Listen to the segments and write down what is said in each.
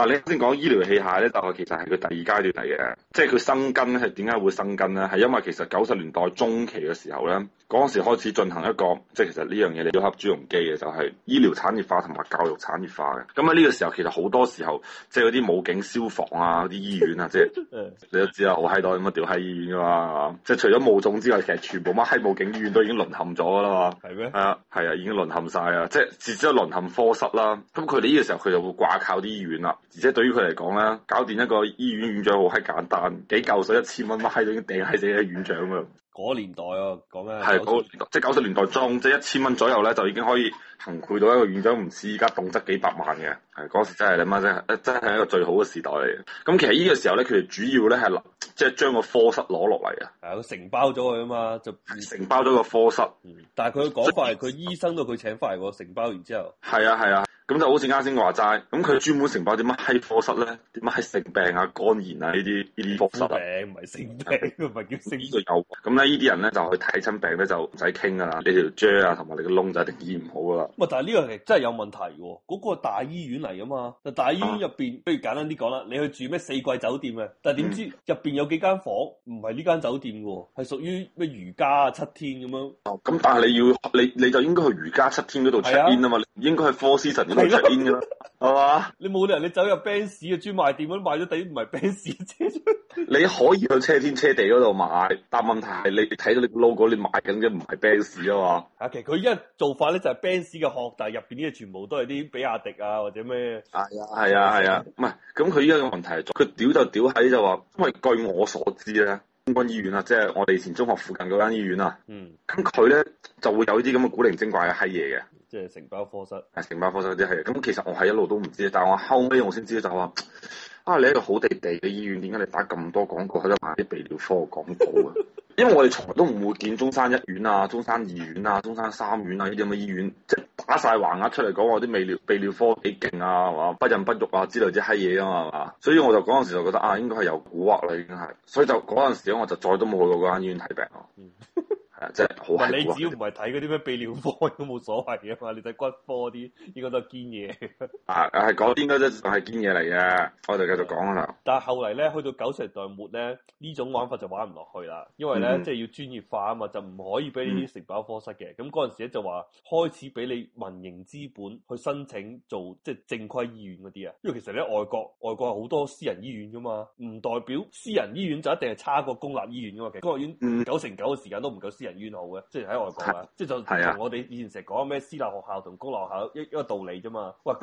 嗱，你先講醫療器械咧，大係其實係佢第二階段嚟嘅，即係佢生根咧，係點解會生根咧？係因為其實九十年代中期嘅時候咧，嗰陣時開始進行一個，即係其實呢樣嘢嚟結合朱鎔基嘅，就係、是、醫療產業化同埋教育產業化嘅。咁啊呢個時候其實好多時候，即係嗰啲武警消防啊、啲醫院啊，即係 你知道都知啦，好閪多咁啊屌喺醫院噶嘛，即係除咗武警之外，其實全部乜閪武警醫院都已經淪陷咗啦嘛。係咩嗎？誒、啊，係啊，已經淪陷晒啊，即係至少淪陷科室啦。咁佢哋呢個時候佢就會掛靠啲醫院啦。而且對於佢嚟講咧，搞掂一個醫院院長好閪簡單，幾嚿水一千蚊，閪都已經掟喺死咧院長㗎。嗰年代啊，講咩？係，即係九十年代中，即係一千蚊左右咧，就已經可以行賄到一個院長，唔似依家動輒幾百萬嘅。係嗰時真係你媽啫，真係一個最好嘅時代嚟。咁其實呢個時候咧，佢哋主要咧係即係將個科室攞落嚟啊。係，佢承包咗佢啊嘛，就承包咗個科室。但係佢講法係佢醫生到佢請返嚟喎，承包完之後。係啊，係啊。咁、嗯、就好似啱先話齋，咁佢專門承包啲乜閪科室咧？啲乜閪性病啊、肝炎啊呢啲呢啲科室啊，唔係性病，唔係叫性病又咁咧？ 呢啲人咧就去睇親病咧就唔使傾噶啦，你條脹啊同埋你個窿就一定醫唔好噶啦。唔但係呢樣嘢真係有問題喎、啊。嗰、那個大醫院嚟啊嘛，大醫院入邊，啊、不如簡單啲講啦，你去住咩四季酒店嘅、啊，但係點知入邊有幾間房唔係呢間酒店嘅、啊，係屬於咩瑜伽啊七天咁樣。哦、嗯，咁但係你要你你就應該去瑜伽七天嗰度 check in 啊嘛，應該去 four season。係啊，係嘛？你冇理由，你走入 Benz 嘅專賣店嗰度買咗，等於唔係 Benz 車。 你可以去車天車地嗰度買，但係問題係你睇到你 logo，你買緊嘅唔係 Benz 啊嘛。其實佢一做法咧就係 Benz 嘅殼，但係入邊啲嘢全部都係啲比亞迪啊或者咩？係、哎、啊，係啊，係啊，唔係咁佢依家嘅問題係，佢屌就屌喺就話，因為據我所知咧，香港醫院啊，即係我哋以前中學附近嗰間醫院啊，嗯，咁佢咧就會有啲咁嘅古靈精怪嘅閪嘢嘅。即係承包科室，承包科室啲係，咁其實我係一路都唔知，但係我後尾我先知就話啊，你一個好地地嘅醫院，點解你打咁多廣告去賣啲泌尿科嘅廣告啊？ 因為我哋從來都唔會見中山一院啊、中山二院啊、中山三院啊呢啲咁嘅醫院，即係打晒橫額出嚟講話啲泌尿泌尿科幾勁啊，係嘛、啊，不孕不育啊之類啲閪嘢啊嘛，係嘛，所以我就嗰陣時就覺得啊，應該係有蠱惑啦，已經係，所以就嗰陣時我就再都冇去過嗰間醫院睇病咯。 啊，即係好，你只要唔係睇嗰啲咩泌尿科都冇所謂嘅嘛，你睇骨科啲應該都係堅嘢。啊 啊，係講啲嗰啲係堅嘢嚟嘅。我哋繼續講啦。但係後嚟咧，去到九十年代末咧，呢種玩法就玩唔落去啦，因為咧、嗯、即係要專業化啊嘛，就唔可以俾呢啲承包科室嘅。咁嗰陣時咧就話開始俾你民營資本去申請做即係、就是、正規醫院嗰啲啊，因為其實咧外國外國好多私人醫院㗎嘛，唔代表私人醫院就一定係差過公立醫院㗎嘛。其實公立醫院九成九嘅時間都唔夠私人。冤好嘅，即係喺外國啦， 即係就同、啊、我哋以前成日講咩私立學校同公立學校一一個道理啫嘛。喂，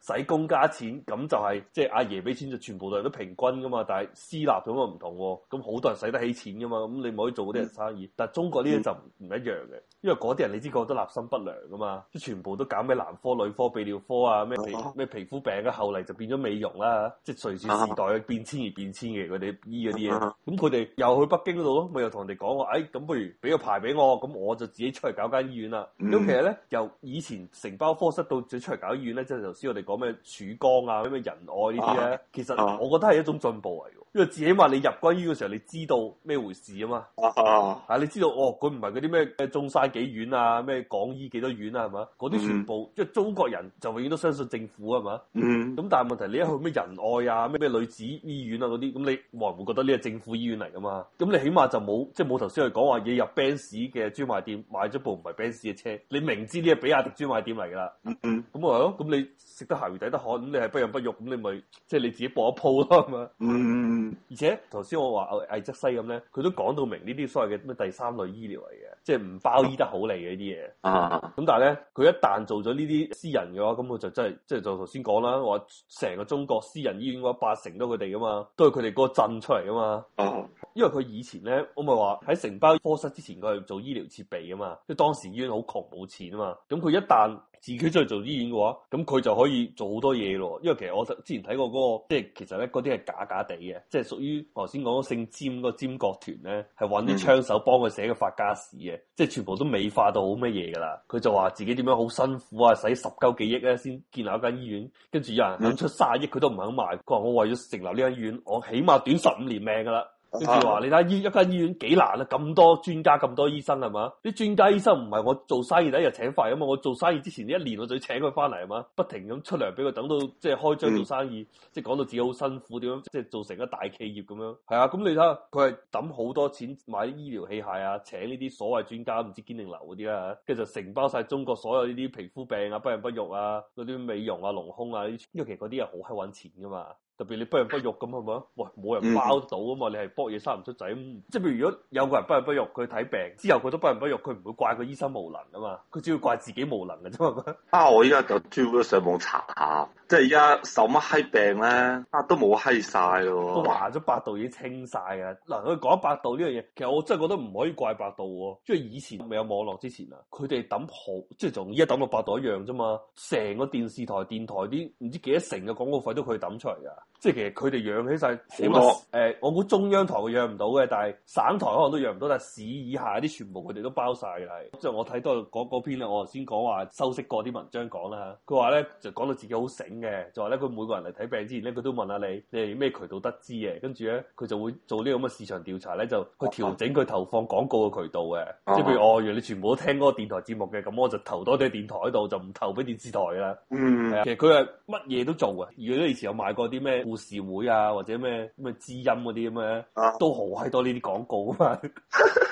使公家錢咁就係、是，即係阿爺俾錢就全部人都平均噶嘛。但係私立咁啊唔同，咁好多人使得起錢噶嘛。咁你唔可以做嗰啲人生意，嗯、但係中國呢啲就唔、嗯、一樣嘅，因為嗰啲人你知覺得立心不良噶嘛，即係全部都搞咩男科、女科、泌尿科啊，咩皮咩皮膚病嘅、啊。後嚟，就變咗美容啦，即係隨住時代嘅變遷而變遷嘅。佢哋醫嗰啲嘢，咁佢哋又去北京嗰度咯，咪又同人哋講話，哎，咁不如俾個。排俾我，咁我就自己出嚟搞間醫院啦。咁、嗯、其實咧，由以前承包科室到最出嚟搞醫院咧，即係頭先我哋講咩曙光啊、咩咩仁愛呢啲咧，啊、其實、啊、我覺得係一種進步嚟嘅，因為至少話你入軍醫院嘅時候，你知道咩回事啊嘛。啊，啊你知道哦，佢唔係嗰啲咩中山幾院啊，咩港醫幾多院啊，係嘛？嗰啲全部即係、嗯、中國人就永遠都相信政府啊嘛。嗯，咁但係問題你一去咩仁愛啊、咩咩女子醫院啊嗰啲，咁你會唔會覺得呢個政府醫院嚟㗎嘛？咁你起碼就冇即係冇頭先係講話嘢入 b 市嘅專賣店買咗部唔係奔馳嘅車，你明知呢係比亞迪專賣店嚟噶啦，咁咪咯，咁、hmm. 哦、你食得鹹魚抵得渴，咁你係不孕不育，咁你咪即係你自己搏一鋪咯，咁 啊、mm，嗯、hmm.，而且頭先我話魏則西咁咧，佢都講到明呢啲所謂嘅咩第三類醫療嚟嘅，即係唔包醫得好嚟嘅呢啲嘢，啊，咁但係咧佢一旦做咗呢啲私人嘅話，咁我就真係即係就頭先講啦，我話成個中國私人醫院嘅話，八成都佢哋噶嘛，都係佢哋嗰個鎮出嚟噶嘛，mm hmm. 因為佢以前咧，我咪話喺承包科室之前。去做醫療設備噶嘛，即係當時醫院好窮冇錢啊嘛，咁佢一旦自己出嚟做醫院嘅話，咁佢就可以做好多嘢咯。因為其實我之前睇過嗰個，即係其實咧嗰啲係假假地嘅，即係屬於頭先講姓詹個詹國團咧，係揾啲槍手幫佢寫個發家史嘅，即係全部都美化到好乜嘢噶啦。佢就話自己點樣好辛苦啊，使十嚿幾億咧先建立一間醫院，跟住有人出卅億佢都唔肯賣，佢話我為咗成立呢間醫院，我起碼短十五年命噶啦。跟住話，你睇下醫一間醫院幾難啊？咁多專家，咁多醫生係嘛？啲專家醫生唔係我做生意第一日請翻嚟啊嘛！我做生意之前一年我就要請佢翻嚟係嘛？不停咁出糧俾佢，等到即係開張做生意，嗯、即係講到自己好辛苦，點樣即係做成一個大企業咁樣。係啊，咁、嗯、你睇下佢係抌好多錢買醫療器械啊，請呢啲所謂專家唔知堅定流嗰啲啦，跟、啊、住就承包晒中國所有呢啲皮膚病啊、不孕不育啊嗰啲美容啊、隆胸啊呢啲，因為其實嗰啲係好閪揾錢噶嘛。特別你不孕不育咁係咪啊？喂，冇人包到啊嘛，嗯、你係搏嘢，生唔出仔，即係譬如如果有個人不孕不育，佢睇病之後佢都不孕不育，佢唔會怪佢醫生無能噶嘛，佢只會怪自己無能嘅啫嘛。啊，我依家就專門上網查下。即係而家受乜閪病咧？啊，都冇閪晒咯，都話咗百度已經清晒嘅。嗱，佢講百度呢樣嘢，其實我真係覺得唔可以怪百度喎，啊。即係以前未有網絡之前啊，佢哋抌好，即係從而家抌到百度一樣啫嘛。成個電視台、電台啲唔知幾多成嘅廣告費都佢抌出嚟㗎。即係其實佢哋養起晒，好多、誒，我估中央台佢養唔到嘅，但係省台可能都養唔到，但係市以下啲全部佢哋都包晒嘅。係。即係我睇到嗰篇咧，我頭先講話修飾過啲文章講啦。佢話咧就講到自己好醒嘅，就話咧佢每個人嚟睇病之前咧，佢都問下你你係咩渠道得知嘅，跟住咧佢就會做呢個咁嘅市場調查咧，就去調整佢投放廣告嘅渠道嘅。即係譬如我原來你全部都聽嗰個電台節目嘅，咁我就投多啲喺電台度，就唔投俾電視台啦。嗯，其實佢係乜嘢都做嘅。如果你以前有買過啲咩？事會啊，或者咩咩知音嗰啲咁嘅，都好閪多呢啲廣告啊嘛，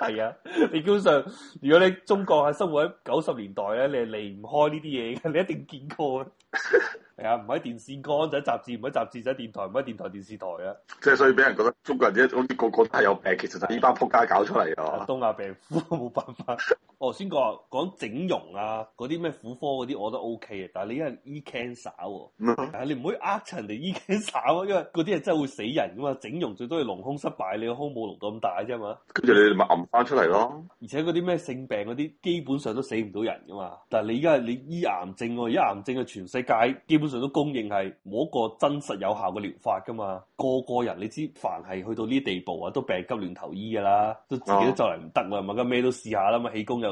係 啊，你基本上如果你中國喺生活喺九十年代咧，你係離唔開呢啲嘢，你一定見過嘅。係 啊，唔喺電線杆就喺，是，雜誌，唔喺雜誌就喺，是，電台，唔喺電台電視台啊。即係所以俾人覺得中國人咧，好似個個都係有病，其實就係呢班仆街搞出嚟嘅。東亞病夫，冇辦法。 哦，先講講整容啊，嗰啲咩婦科嗰啲我都 O K 嘅，但係你而家係醫 cancer 喎、啊，係、嗯啊、你唔可以呃人哋醫 cancer 喎、啊，因為嗰啲係真係會死人噶、啊、嘛。整容最多係隆胸失敗，你個胸冇隆到咁大啫嘛、啊。跟住你咪揼翻出嚟咯。而且嗰啲咩性病嗰啲，基本上都死唔到人噶、啊、嘛。但係你而家係你醫癌症喎、啊，醫癌症係、啊、全世界基本上都公認係冇一個真實有效嘅療法噶嘛、啊。個個人你知，凡係去到呢啲地步啊，都病急亂投醫㗎啦，都自己都就嚟唔得㗎嘛，咁咩、嗯、都試下啦嘛，氣功又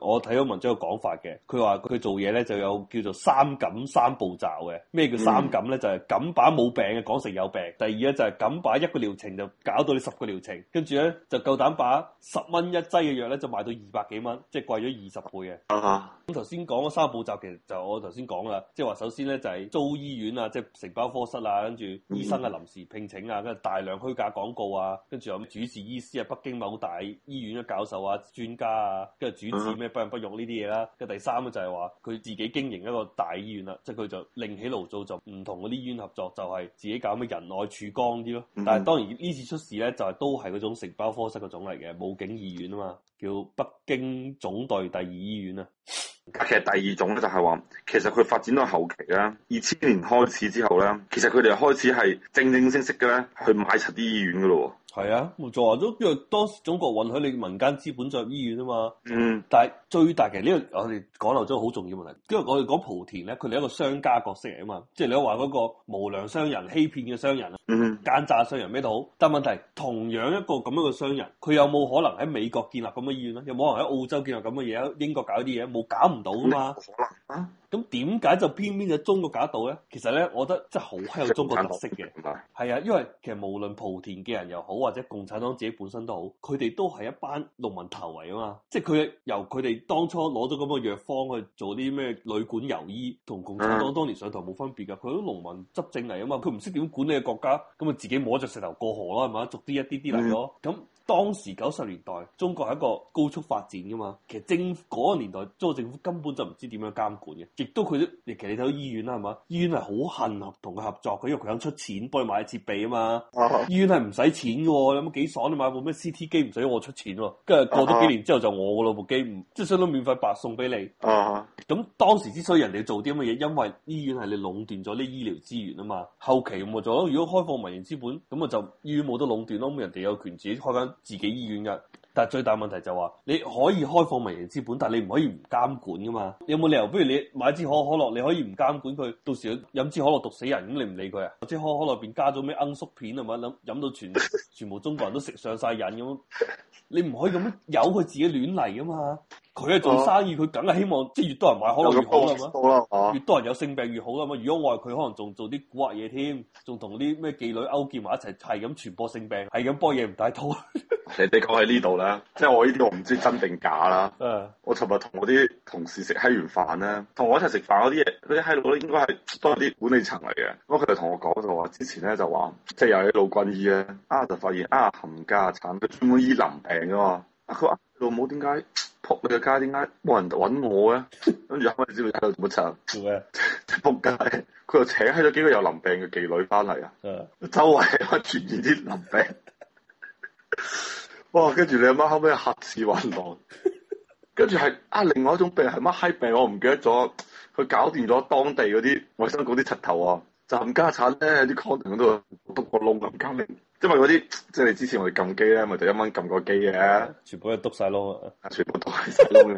我睇咗文章嘅講法嘅，佢話佢做嘢咧就有叫做三敢三步驟嘅。咩叫三敢咧？就係、是、敢把冇病嘅講成有病。第二咧就係敢把一個療程就搞到你十個療程，跟住咧就夠膽把十蚊一劑嘅藥咧就賣到二百幾蚊，即係貴咗二十倍嘅。咁頭先講嗰三步驟其實就我頭先講啦，即係話首先咧就係租醫院啊，即係承包科室啊，跟住醫生嘅臨時聘請啊，跟住大量虛假廣告啊，跟住有主治醫師啊，北京某大醫院嘅教授啊、專家啊，跟住主治咩、uh？Huh. 不仁不義呢啲嘢啦，嘅第三個就係話佢自己經營一個大醫院啦，即係佢就另起爐灶，就唔同嗰啲醫院合作，就係、是、自己搞咩仁愛曙光啲咯。但係當然呢次出事咧，就係、是、都係嗰種承包科室嘅種嚟嘅，武警醫院啊嘛，叫北京總隊第二醫院啊。其實第二種咧就係話，其實佢發展到後期啦，二千年開始之後咧，其實佢哋開始係正，正正式式嘅咧，去買齊啲醫院噶咯。係啊，冇錯啊，都因為當時中國允許你民間資本進入醫院啊嘛。嗯，但係最大嘅呢，這個我哋講漏咗好重要問題，因為我哋講莆田咧，佢哋一個商家角色嚟啊嘛，即係你話嗰個無良商人、欺騙嘅商人、嗯、奸詐商人咩都好。但係問題，同樣一個咁樣嘅商人，佢有冇可能喺美國建立咁嘅醫院咧？有冇可能喺澳洲建立咁嘅嘢？英國搞啲嘢冇搞唔到啊嘛。啊、嗯，咁點解就偏偏就中國搞得到咧？其實咧，我覺得真係好有中國特色嘅。係、嗯嗯嗯、啊，因為其實無論莆田嘅人又好。或者共產黨自己本身都好，佢哋都係一班農民頭嚟啊嘛，即係佢由佢哋當初攞咗嗰個藥方去做啲咩旅館遊醫，同共產黨當年上台冇分別㗎，佢都農民執政嚟啊嘛，佢唔識點管理個國家，咁啊自己摸着石頭過河啦係咪？逐啲一啲啲嚟咯，咁、嗯。當時九十年代中國係一個高速發展噶嘛，其實政府、嗰個年代中國政府根本就唔知點樣監管嘅，亦都佢亦其實你睇到醫院啦，係嘛？醫院係好恨合同佢合作，佢因為佢想出錢幫佢買設備啊嘛。Uh huh. 醫院係唔使錢嘅，咁幾爽你嘛，買部咩 CT 機唔使我出錢喎，跟住過咗幾年之後就我個咯部機，uh huh. 即係相當免費白送俾你。咁、uh huh. 當時之所以人哋做啲咁嘅嘢，因為醫院係你壟斷咗啲醫療資源啊嘛。後期咁咪做，如果開放民營資本，咁啊就醫院冇得壟斷咯，咁人哋有權自己開間。自己醫院嘅，但係最大問題就話你可以開放民營資本，但係你唔可以唔監管噶嘛。你有冇理由？不如你買支可口可樂，你可以唔監管佢，到時飲支可樂毒死人，咁你唔理佢啊？或者可口可樂入邊加咗咩罌粟片係咪？諗飲到全全部中國人都食上晒癮咁，你唔可以咁樣由佢自己亂嚟噶嘛？佢啊，做生意佢梗係希望即係越多人買，可能越多、嗯。啦。越多人有性病越好啦、啊。嘛，啊、如果我係佢，可能仲做啲蠱惑嘢添，仲同啲咩妓女勾結埋一齊，係咁傳播性病，係咁幫嘢唔帶套、啊。 你哋講喺呢度咧，即係我呢啲我唔知真定假啦。嗯、啊，我尋日同我啲同事食閪完飯咧，同我一齊食飯嗰啲嘢，嗰啲閪佬咧應該係多啲管理層嚟嘅。咁佢就同我講就話，之前咧就話即係有啲老軍醫啊，就發現啊冚家產嘅專門醫淋病嘅嘛啊，佢老母點解？你個家點解冇人揾我啊？跟住後尾知道喺度做乜柒？仆街 嗎！佢 又請起咗幾個有淋病嘅妓女翻嚟啊！ 周圍啊，住住啲淋病。 哇！跟住你阿媽後尾核市混亂，跟住係啊，另外一種病係乜閪病？我唔記得咗。佢搞掂咗當地嗰啲衞生局啲柒頭啊，就冚家產咧啲康寧嗰度篤個窿咁搞你。因為嗰啲即係你之前我哋撳機咧，咪就一蚊撳個機嘅，全部都篤晒窿，全部都係晒窿。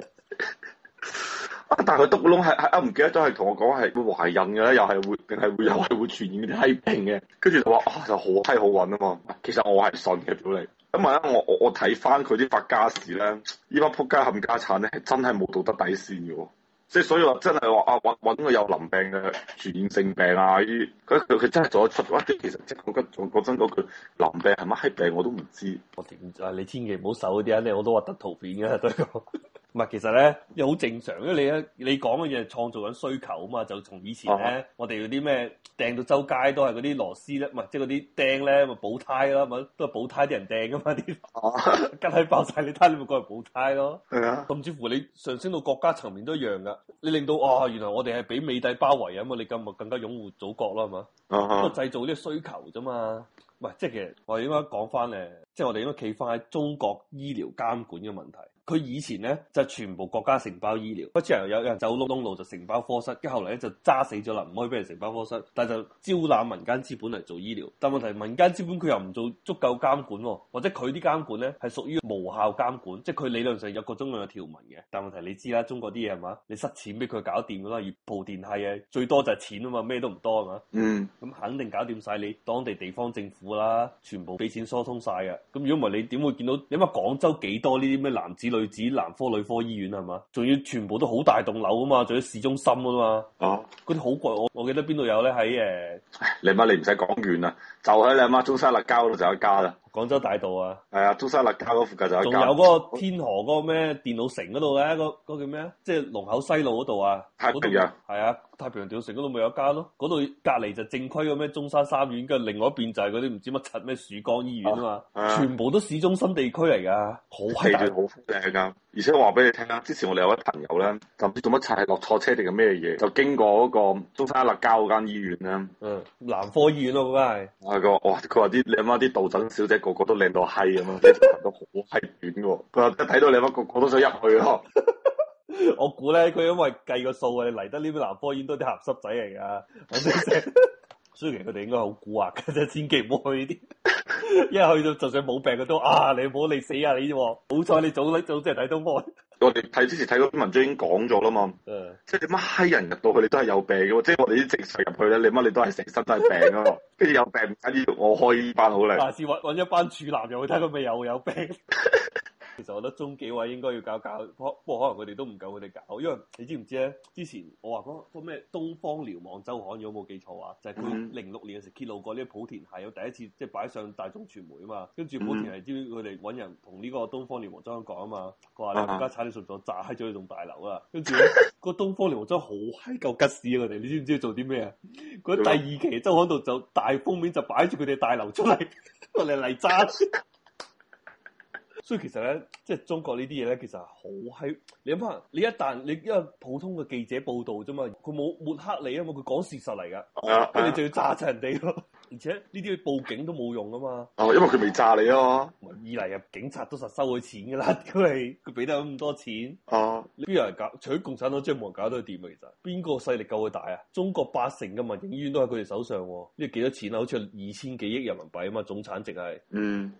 啊！但係佢篤窿係係啊，唔記得都係同我講係會懷孕嘅，又係會定係會又係會傳染嗰啲閪病嘅，跟住就話啊，就好閪好搵啊嘛！其實我係信嘅屌你！因為咧我我我睇翻佢啲發家史咧，呢班仆街冚家產咧，係真係冇道德底線嘅。即係所以話真係話啊，揾揾個有淋病嘅傳染性病啊啲，佢佢真係做得出。哇！啲其實即係我覺得講真嗰句，淋病係乜閪病我都唔知。我點知啊？你千祈唔好搜嗰啲啊！你好多核突圖片嘅對。唔係，其實咧，又好正常，因為你咧，你講嘅嘢係創造緊需求啊嘛，就從以前咧，啊、我哋嗰啲咩掟到周街都係嗰啲螺絲咧，唔係即係嗰啲釘咧，咪補胎，胎、啊、 胎咯，咪都係補胎啲人掟噶嘛啲，吉胎爆晒你胎，你咪過嚟補胎咯。係啊，甚至乎你上升到國家層面都一樣噶，你令到哦、啊，原來我哋係俾美帝包圍啊嘛，你咁咪更加擁護祖國啦，係、啊啊、嘛，都製造啲需求啫嘛。唔係，即係其實我哋應該講翻咧，即係我哋應該企翻喺中國醫療監管嘅問題。佢以前咧就係、全部國家承包醫療，不之有人走擼路，路就承包科室，跟後嚟咧就揸死咗啦，唔可以俾人承包科室，但係就招攬民間資本嚟做醫療。但問題民間資本佢又唔做足夠監管、哦，或者佢啲監管咧係屬於無效監管，即係佢理論上有各種各樣嘅條文嘅。但問題你知啦，中國啲嘢係嘛？你塞錢俾佢搞掂噶啦，而部電器啊，最多就係錢啊嘛，咩都唔多啊嘛、mm. 嗯。嗯，咁肯定搞掂晒你當地地方政府啦，全部俾錢疏通晒嘅。咁如果唔係你點會見到？因為廣州幾多呢啲咩男子女？指男科女科醫院係嘛？仲要全部都好大棟樓噶嘛，仲喺市中心噶嘛。哦、啊，嗰啲好貴，我我記得邊度有咧？喺誒、uh，你媽你唔使講完啦，就喺你阿媽中山立交度就有一家啦。廣州大道啊，係啊，中山立交嗰附近就有，仲有嗰個天河嗰個咩電腦城嗰度咧，個個叫咩啊？即係龍口西路嗰度啊，太平洋係啊，太平洋電腦城嗰度咪有一間咯，嗰度隔籬就正規嘅咩中山三院，跟住另外一邊就係嗰啲唔知乜七咩曙光醫院啊嘛，啊啊全部都市中心地區嚟噶，大地段，啊，好方便噶。而且話俾你聽啊，之前我哋有位朋友咧，就唔知做乜柒，係落錯車定係咩嘢，就經過嗰個中山立交嗰間醫院咧。嗯，男科醫院咯、啊，嗰間係。我係佢話，哇！佢話啲你媽啲導診小姐個個都靚到閪咁啊，啲長裙都好閪短喎。佢話一睇到你媽個個,個個都想入去咯。我估咧，佢因為計個數啊，嚟得呢邊男科醫院多啲鹹濕仔嚟噶。 雖然佢哋應該好蠱惑，嘅，即千祈唔好去呢啲，一去到就算冇病嘅都啊，你唔、啊、好你死啊你！啫好彩你早啲早啲睇到我，我哋睇之前睇嗰篇文章已經講咗啦嘛， 即係乜閪人入到去你都係有病嘅，即係我哋啲直視入去咧，你乜你都係成身都係病， 病 啊！跟住有，有，有病，跟住我開班好靚，下次揾一班處男又去睇佢咪又有病。其實我覺得中紀委應該要搞搞，不不過可能佢哋都唔夠佢哋搞，因為你知唔知咧？之前我話嗰個咩東方瞭望周刊，如果冇記錯啊，就係佢零六年嘅時候揭露過呢個莆田係，有第一次即係擺上大眾傳媒啊嘛。跟住莆田係知佢哋搵人同呢個東方瞭望周刊講啊嘛，佢話你而家踩你傻傻炸開咗呢棟大樓啊。跟住咧個東方瞭望周刊好閪夠吉屎啊！佢哋你知唔知做啲咩啊？佢第二期周刊度就大封面就擺住佢哋大樓出嚟嚟嚟揸。Uh huh. 所以其實咧，即係中國呢啲嘢咧，其實係好閪。你諗翻，你一旦你一個普通嘅記者報道啫嘛，佢冇抹黑你啊嘛，佢講事實嚟噶。咁、啊、你就要炸親人哋咯？啊、而且呢啲去報警都冇用啊嘛。哦、啊，因為佢未炸你啊嘛。二嚟，警察都實收佢錢噶啦，因為佢俾得咁多錢。呢邊、啊、有人搞？除咗共產黨，即係冇人搞到掂啊！其實邊個勢力夠佢大啊？中國八成嘅民營醫院都喺佢哋手上，即係幾多錢啊？好似二千幾億人民幣啊嘛，總產值係。嗯。